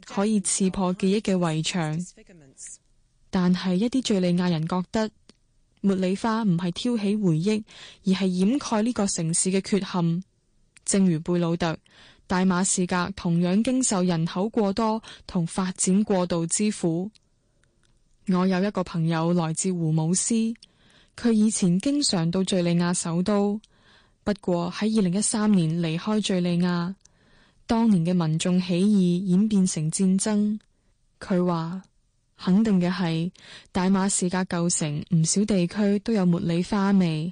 可以刺破記憶嘅圍牆。但係一啲敘利亞人覺得茉莉花唔係挑起回憶，而係掩蓋呢個城市嘅缺陷。正如貝魯特、大馬士革同樣經受人口過多同發展過度之苦。我有一個朋友來自胡姆斯，佢以前經常到敘利亞首都，不過喺二零一三年離開敘利亞。當年嘅民眾起義演變成戰爭，佢話肯定嘅係大馬士革舊城唔少地區都有茉莉花味。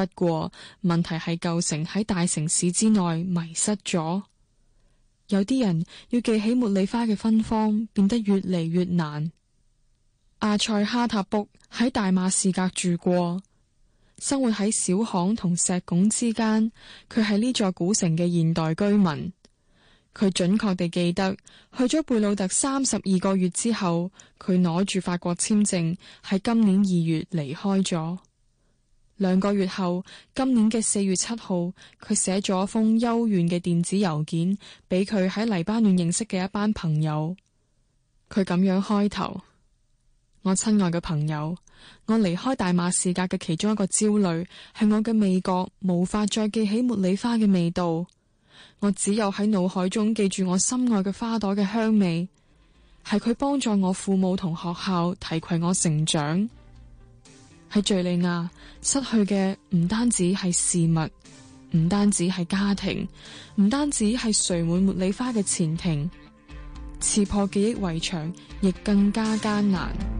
不過問題係舊城喺大城市之內迷失咗，有啲人要記起茉莉花嘅芬芳變得越嚟越難。阿塞哈塔卜喺大馬士革住過，生活喺小巷同石拱之間，佢係呢座古城嘅現代居民。佢準確地記得去咗貝魯特三十二個月之後，佢攞住法國簽證喺今年二月離開咗。兩個月後，今年嘅四月七號，佢寫咗一封幽怨嘅電子郵件俾佢喺黎巴嫩認識嘅一班朋友。佢咁樣開頭：我親愛嘅朋友，我離開大馬士革嘅其中一個焦慮係我嘅味覺無法再記起茉莉花嘅味道，我只有喺腦海中記住我心愛嘅花朵嘅香味，係佢幫助我父母同學校提攜我成長。喺敘利亞，失去嘅唔單止係事物，唔單止係家庭，唔單止係垂滿茉莉花嘅前庭，刺破記憶圍牆亦更加艱難。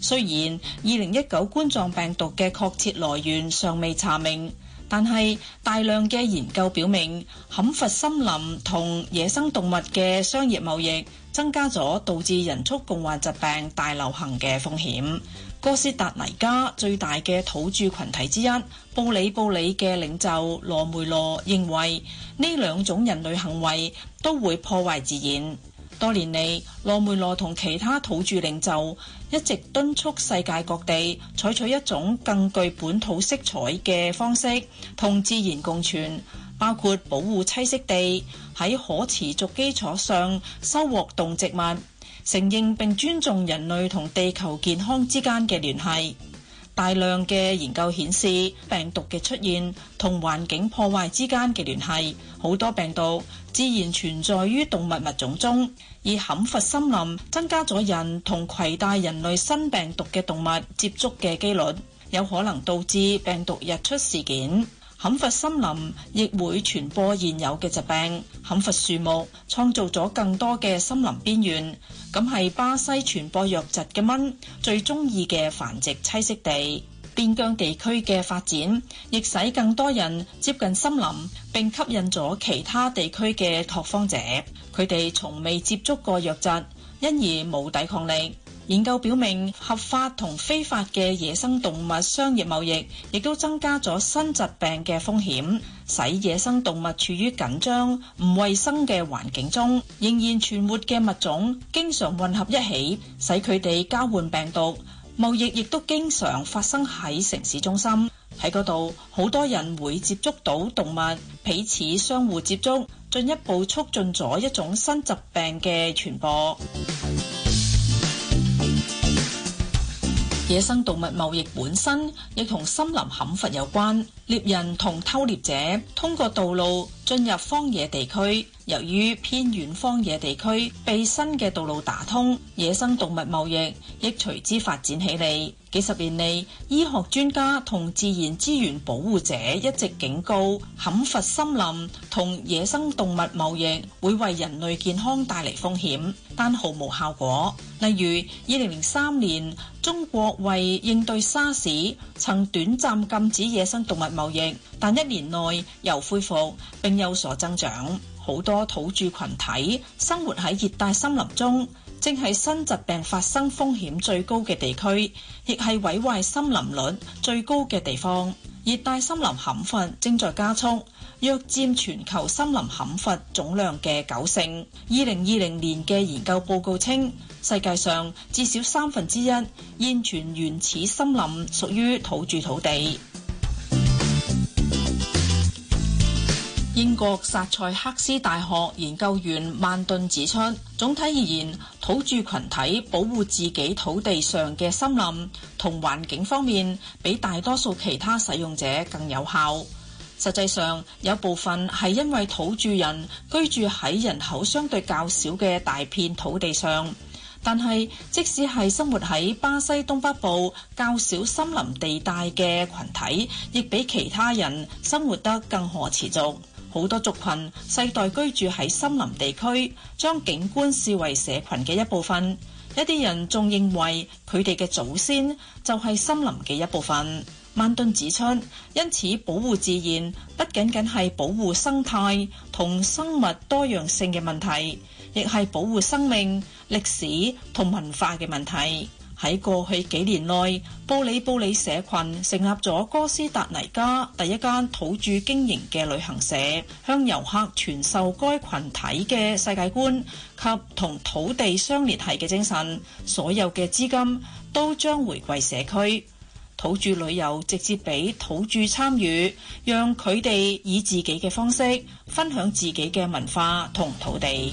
雖然二零一九冠狀病毒嘅確切來源尚未查明，但係大量嘅研究表明，砍伐森林同野生動物嘅商業貿易增加咗導致人畜共患疾病大流行嘅風險。哥斯達黎加最大嘅土著群體之一布里布里嘅領袖羅梅羅認為，呢兩種人類行為都會破壞自然。多年嚟，羅梅羅同其他土著領袖，一直敦促世界各地採取一種更具本土色彩嘅方式，同自然共存，包括保護棲息地，喺可持續基礎上收穫動植物，承認並尊重人類同地球健康之間嘅聯繫。大量嘅研究顯示，病毒嘅出現同環境破壞之間嘅聯繫，好多病毒。自然存在於動物物種中，而砍伐森林增加咗人同攜帶人類新病毒嘅動物接觸嘅幾率，有可能導致病毒溢出事件。砍伐森林亦會傳播現有嘅疾病。砍伐樹木創造咗更多嘅森林邊緣，咁係巴西傳播瘧疾嘅蚊最中意嘅繁殖棲息地。邊疆地區嘅發展，亦使更多人接近森林，並吸引咗其他地區嘅拓荒者。佢哋從未接觸過疫疾，因而冇抵抗力。研究表明，合法同非法嘅野生動物商業貿易，亦都增加咗新疾病嘅風險，使野生動物處於緊張、唔衛生嘅環境中。仍然存活嘅物種，經常混合一起，使佢哋交換病毒。貿易亦都經常發生喺城市中心。喺嗰度，好多人會接觸到動物，彼此相互接觸，進一步促進咗一種新疾病嘅傳播。 (music) 野生動物貿易本身亦同森林砍伐有關，獵人同偷獵者通過道路進入荒野地區。由於偏遠荒野地區被新嘅道路打通，野生動物貿易亦隨之發展起嚟。幾十年嚟，醫學專家同自然資源保護者一直警告，砍伐森林同野生動物貿易會為人類健康帶嚟風險，但毫無效果。例如，二零零三年中國為應對沙士，曾短暫禁止野生動物貿易，但一年內又恢復並有所增長。好多土著群體生活喺熱帶森林中，正係新疾病發生風險最高嘅地區，亦係毀壞森林率最高嘅地方。熱帶森林砍伐正在加速，約佔全球森林砍伐總量嘅九成。二零二零年嘅研究報告稱，世界上至少三分之一現存原始森林屬於土著土地。英國薩塞克斯大學研究員曼頓指出，總體而言，土著群體保護自己土地上嘅森林同環境方面，比大多數其他使用者更有效。實際上，有部分係因為土著人居住喺人口相對較少嘅大片土地上，但係即使係生活喺巴西東北部較少森林地帶嘅群體，亦比其他人生活得更可持續。好多族群世代居住喺森林地區，將景觀視為社群嘅一部分。一啲人仲認為佢哋嘅祖先就係森林嘅一部分。曼頓指出，因此保護自然不僅僅係保護生態同生物多樣性嘅問題，亦係保護生命、歷史同文化嘅問題。喺過去幾年內，布里布里社群成立咗哥斯達黎加第一間土著經營嘅旅行社，向遊客傳授該群體嘅世界觀及同土地相聯繫嘅精神。所有嘅資金都將回饋社區，土著旅遊直接俾土著參與，讓佢哋以自己嘅方式分享自己嘅文化同土地。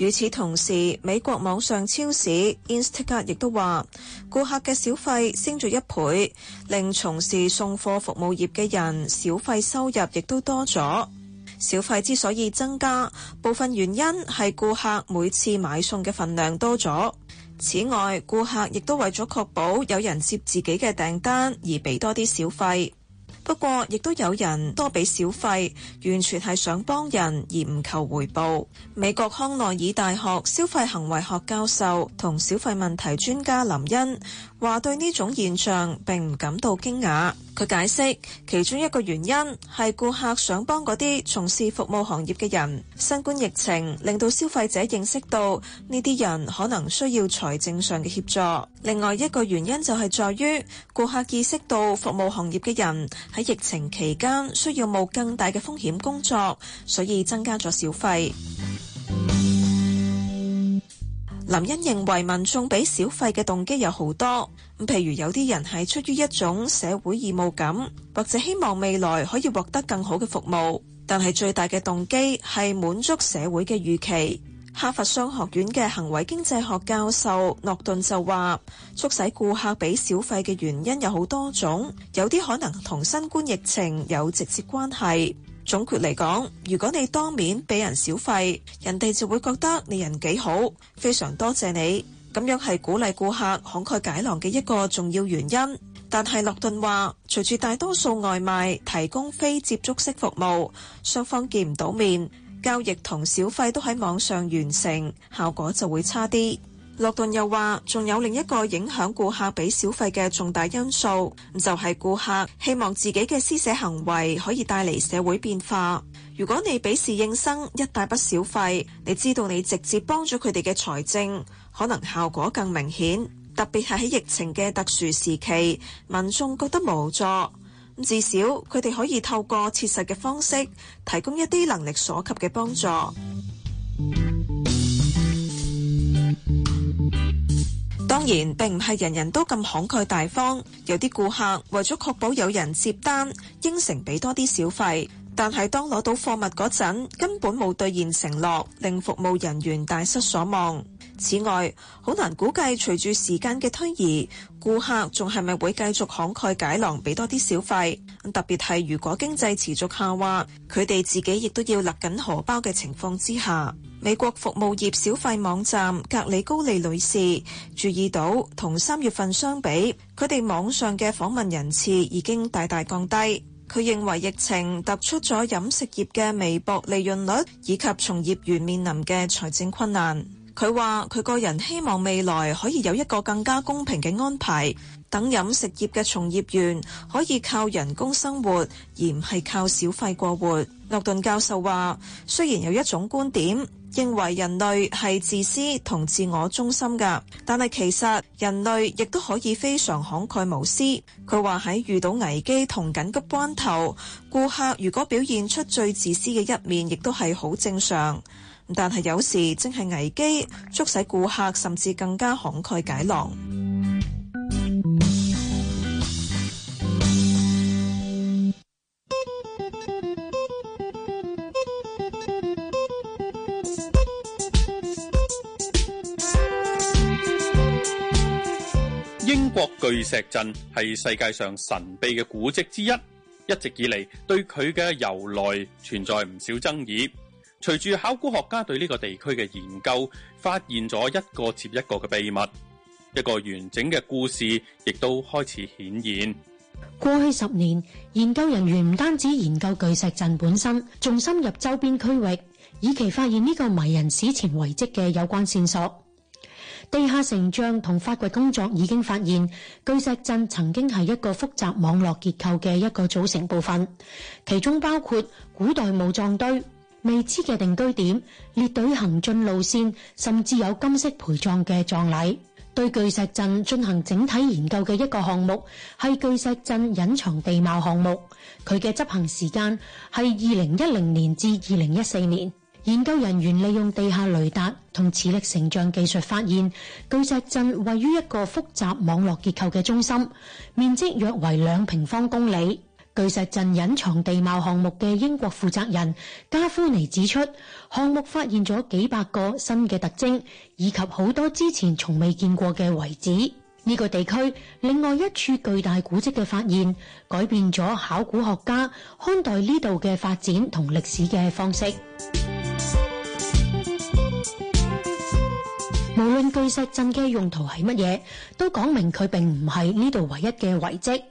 與此同時，美國網上超市 Instacart 亦都話，顧客嘅小費升咗一倍，令從事送貨服務業嘅人小費收入亦都多咗。小費之所以增加，部分原因係顧客每次買餸嘅份量多咗。此外，顧客亦都為咗確保有人接自己嘅訂單而俾多啲小費。不過，亦都有人多俾小費，完全係想幫人而唔求回報。美國康奈爾大學消費行為學教授同小費問題專家林恩話：對呢種現象並唔感到驚訝。佢解釋，其中一個原因係顧客想幫嗰啲從事服務行業嘅人，新冠疫情令到消費者認識到呢啲人可能需要財政上嘅協助。另外一個原因就係在於顧客意識到服務行業嘅人喺疫情期間需要冒更大嘅風險工作，所以增加咗小費。林恩認為民眾俾小費嘅動機有好多，咁譬如有啲人係出於一種社會義務感，或者希望未來可以獲得更好嘅服務。但係最大嘅動機係滿足社會嘅預期。哈佛商學院嘅行為經濟學教授諾頓就話，促使顧客俾小費嘅原因有好多種，有啲可能同新冠疫情有直接關係。總括嚟講，如果你當面俾人小費，人哋就會覺得你人幾好，非常多謝你，咁樣係鼓勵顧客慷慨解囊嘅一個重要原因。但係諾頓話，隨住大多數外賣提供非接觸式服務，雙方見唔到面，交易同小費都喺網上完成，效果就會差啲。洛頓又話，仲有另一個影響顧客俾小費嘅重大因素，就係顧客希望自己嘅施捨行為可以帶嚟社會變化。如果你俾侍應生一大筆小費，你知道你直接幫咗佢哋嘅財政，可能效果更明顯。特別係喺疫情嘅特殊時期，民眾覺得無助，咁至少佢哋可以透過切實嘅方式，提供一啲能力所及嘅幫助。當然，並唔係人人都咁慷慨大方。有啲顧客為咗確保有人接單，應承俾多啲小費，但係當攞到貨物嗰陣，根本冇兌現承諾，令服務人員大失所望。此外，好難估計隨住時間嘅推移，顧客仲係咪會繼續慷慨解囊，俾多啲小費？特別係如果經濟持續下滑，佢哋自己亦都要勒緊荷包嘅情況之下，美國服務業小費網站格里高利女士注意到，同三月份相比，佢哋網上嘅訪問人次已經大大降低。佢認為疫情突出咗飲食業嘅微薄利潤率，以及從業員面臨嘅財政困難。佢話：佢個人希望未來可以有一個更加公平嘅安排，等飲食業嘅從業員可以靠人工生活，而唔係靠小費過活。諾頓教授話：雖然有一種觀點認為人類係自私同自我中心嘅，但係其實人類亦都可以非常慷慨無私。佢話，喺遇到危機同緊急關頭，顧客如果表現出最自私嘅一面，亦都係好正常。但係有時正係危機，促使顧客甚至更加慷慨解囊。英國巨石陣係世界上神秘嘅古跡之一，一直以嚟對佢嘅由來存在唔少爭議。隨住考古學家對呢個地區嘅研究，發現咗一個接一個嘅秘密，一個完整嘅故事亦都開始顯現。過去十年，研究人員唔單止研究巨石陣本身，仲深入周邊區域，以期發現呢個迷人史前遺跡嘅有關線索。地下成像同發掘工作已經發現，巨石陣曾經係一個複雜網絡結構嘅一個組成部分，其中包括古代墓葬堆。未知的定居點，列隊行進路線，甚至有金色陪葬的葬禮。對巨石陣進行整體研究的一個項目，是巨石陣隱藏地貌項目。它的執行時間是2010年至2014年。研究人員利用地下雷達同磁力成像技術發現，巨石陣位於一個複雑網絡結構的中心，面積約為2平方公里。巨石陣隱藏地貌項目嘅英國負責人加夫尼指出，項目發現咗幾百個新嘅特徵，以及好多之前從未見過嘅遺址。呢個地區另外一處巨大古蹟嘅發現，改變咗考古學家看待呢度嘅發展同歷史嘅方式。無論巨石陣嘅用途係乜嘢，都講明佢並唔係呢度唯一嘅遺蹟。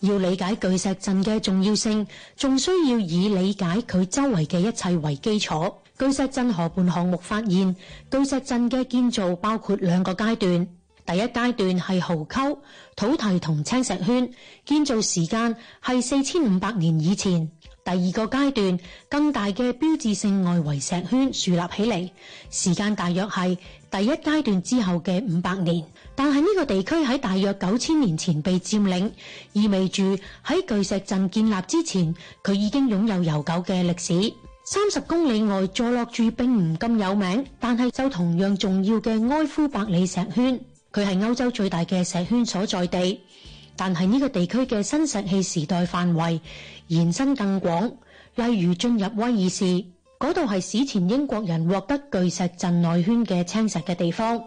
要理解巨石陣嘅重要性，仲需要以理解佢周圍嘅一切為基礎。巨石陣河畔項目發現，巨石陣嘅建造包括兩個階段。第一階段係壕溝、土堤同青石圈，建造時間係四千五百年以前。第二個階段，更大嘅標誌性外圍石圈豎立起嚟，時間大約係第一階段之後嘅五百年。但係呢個地區喺大約九千年前被佔領，意味住喺巨石陣建立之前，佢已經擁有悠久嘅歷史。三十公里外坐落住並唔咁有名，但係就同樣重要嘅埃夫伯里石圈，佢係歐洲最大嘅石圈所在地。但係呢個地區嘅新石器時代範圍延伸更廣，例如進入威爾士，嗰度係史前英國人獲得巨石陣內圈嘅青石嘅地方。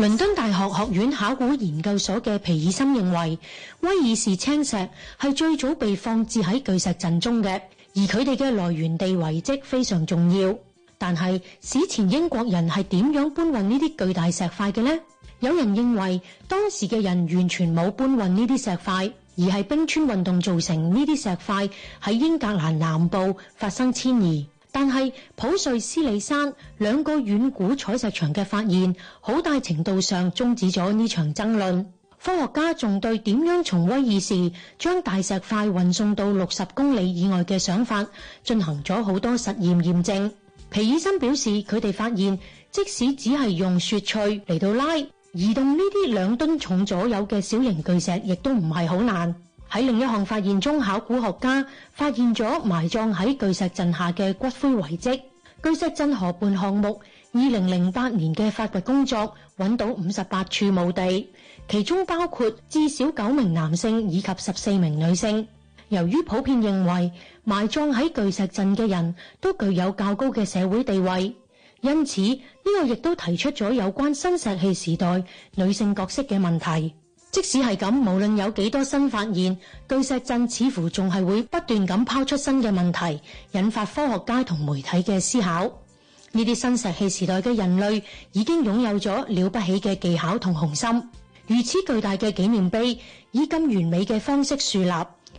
倫敦大學學院考古研究所嘅皮爾森認為，威爾士青石係最早被放置喺巨石陣中嘅，而佢哋嘅來源地遺跡非常重要。但係史前英國人係點樣搬運呢啲巨大石塊嘅呢？有人認為當時嘅人完全冇搬運呢啲石塊，而係冰川運動造成呢啲石塊喺英格蘭南部發生遷移。但係普瑞斯里山兩個遠古採石場嘅發現，好大程度上終止咗呢場爭論。科學家仲對點樣從威爾士將大石塊運送到六十公里以外嘅想法進行咗好多實驗驗證。皮爾森表示，佢哋發現即使只係用雪橇嚟到拉移動呢啲兩噸重左右嘅小型巨石，亦都唔係好難。喺另一項發現中，考古學家發現咗埋葬喺巨石陣下嘅骨灰遺跡。巨石陣河畔項目二零零八年嘅發掘工作揾到五十八處墓地，其中包括至少九名男性以及十四名女性。由於普遍認為埋葬喺巨石陣嘅人都具有較高嘅社會地位，因此呢個亦都提出咗有關新石器時代女性角色嘅問題。即使係咁，無論有幾多新發現，巨石陣似乎仲係會不斷咁拋出新嘅問題，引發科學家同媒體嘅思考。呢啲新石器時代嘅人類已經擁有咗了了不起嘅技巧同雄心。如此巨大嘅紀念碑，以咁完美嘅方式樹立，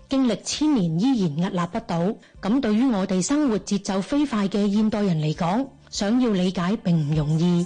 經歷千年依然屹立不倒。咁對於我哋生活節奏飛快嘅現代人嚟講，想要理解並唔容易。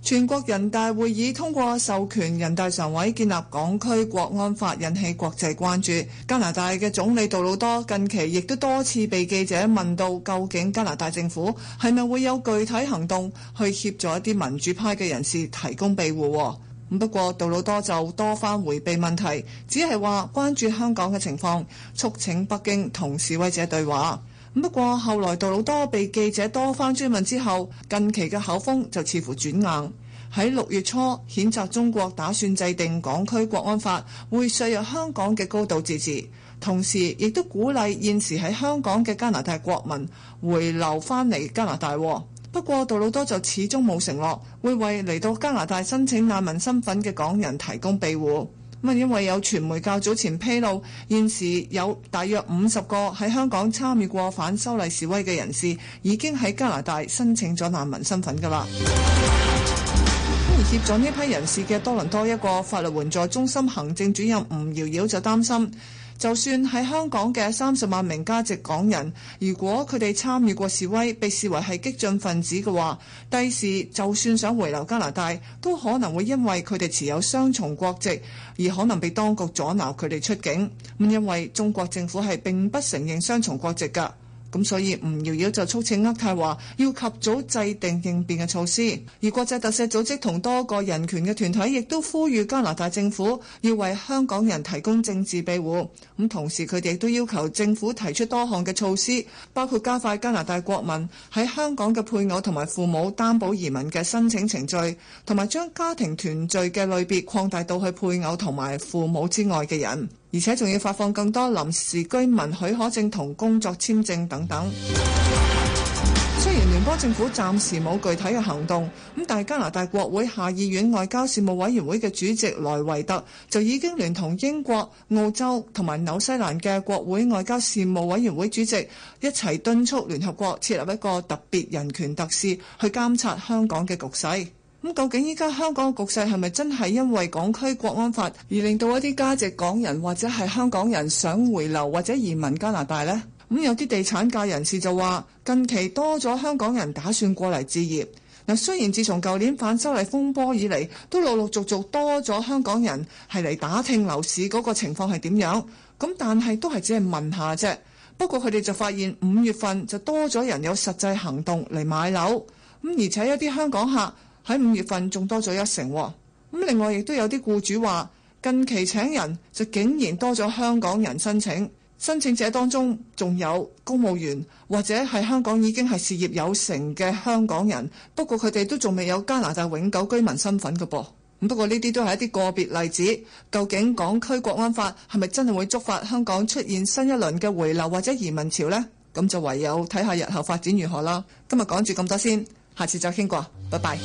全國人大會議通過授權人大常委建立港區國安法，引起國際關注。加拿大嘅總理杜魯多近期亦都多次被記者問到，究竟加拿大政府係咪會有具體行動去協助一啲民主派嘅人士提供庇護？咁不過杜魯多就多番迴避問題，只係話關注香港嘅情況，促請北京同示威者對話。不過後來杜魯多被記者多番追問之後，近期嘅口風就似乎轉硬。喺六月初，譴責中國打算制定港區國安法，會削弱香港嘅高度自治，同時亦都鼓勵現時喺香港嘅加拿大國民回流翻嚟加拿大。不過杜魯多就始終冇承諾會為嚟到加拿大申請難民身份嘅港人提供庇護。咁啊，因為有傳媒較早前披露，現時有大約五十個喺香港參與過反修例示威嘅人士，已經喺加拿大申請咗難民身份㗎啦。咁而協助呢批人士嘅多倫多一個法律援助中心行政主任吳瑤瑤就擔心。就算喺香港嘅三十萬名加籍港人，如果佢哋參與過示威，被視為係激進分子嘅話，第時就算想回流加拿大，都可能會因為佢哋持有雙重國籍而可能被當局阻撓佢哋出境。咁因為中國政府係並不承認雙重國籍㗎。咁所以吳瑤瑤就促請渥太華要及早制定應變嘅措施，而國際特赦組織同多個人權嘅團體亦都呼籲加拿大政府要為香港人提供政治庇護。咁同時佢哋亦都要求政府提出多項嘅措施，包括加快加拿大國民喺香港嘅配偶同埋父母擔保移民嘅申請程序，同埋將家庭團聚嘅類別擴大到去配偶同埋父母之外嘅人。而且仲要發放更多臨時居民許可證同工作簽證等等。雖然聯邦政府暫時冇具體嘅行動，咁但係加拿大國會下議院外交事務委員會嘅主席萊維特，就已經聯同英國澳洲同埋紐西蘭嘅國會外交事務委員會主席一齊敦促聯合國設立一個特別人權特使去監察香港嘅局勢。咁究竟依家香港嘅局勢係咪真係因為港區國安法而令到一啲加籍港人或者係香港人想回流或者移民加拿大呢？咁、嗯、有啲地產界人士就話，近期多咗香港人打算過嚟置業嗱。雖然自從舊年反修例風波以嚟，都陸陸續續多咗香港人係嚟打聽樓市嗰個情況係點樣咁、嗯，但係都係只係問下啫。不過佢哋就發現五月份就多咗人有實際行動嚟買樓咁、嗯，而且一啲香港客。喺五月份仲多咗一成、哦，咁另外亦都有啲雇主話，近期請人就竟然多咗香港人申請，申請者當中仲有公務員或者係香港已經係事業有成嘅香港人，不過佢哋都仲未有加拿大永久居民身份㗎噃，咁不過呢啲都係一啲個別例子，究竟港區國安法係咪真係會觸發香港出現新一輪嘅回流或者移民潮呢？咁就唯有睇下日後發展如何啦。今日講住咁多先。下次再傾過，拜拜。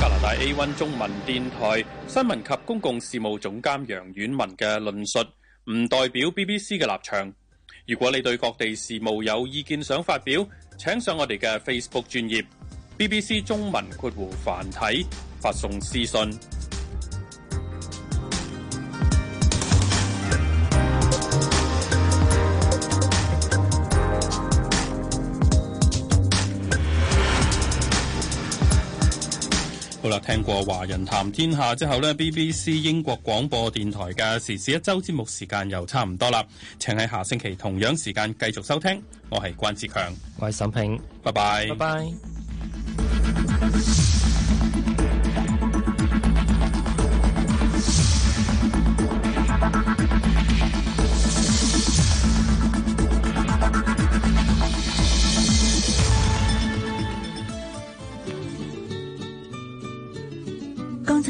加拿大 A One 中文電台新聞及公共事務總監楊婉文嘅論述，唔代表 BBC 嘅立場。如果你對各地事務有意見想發表，請上我哋嘅 Facebook 專頁 BBC 中文括弧繁體發送私信。好啦，聽過華人談天下之後呢，BBC 英國廣播電台嘅時事一周節目時間又差唔多啦，請喺下星期同樣時間繼續收聽，我係關志強，我係沈平，拜拜 bye，拜拜。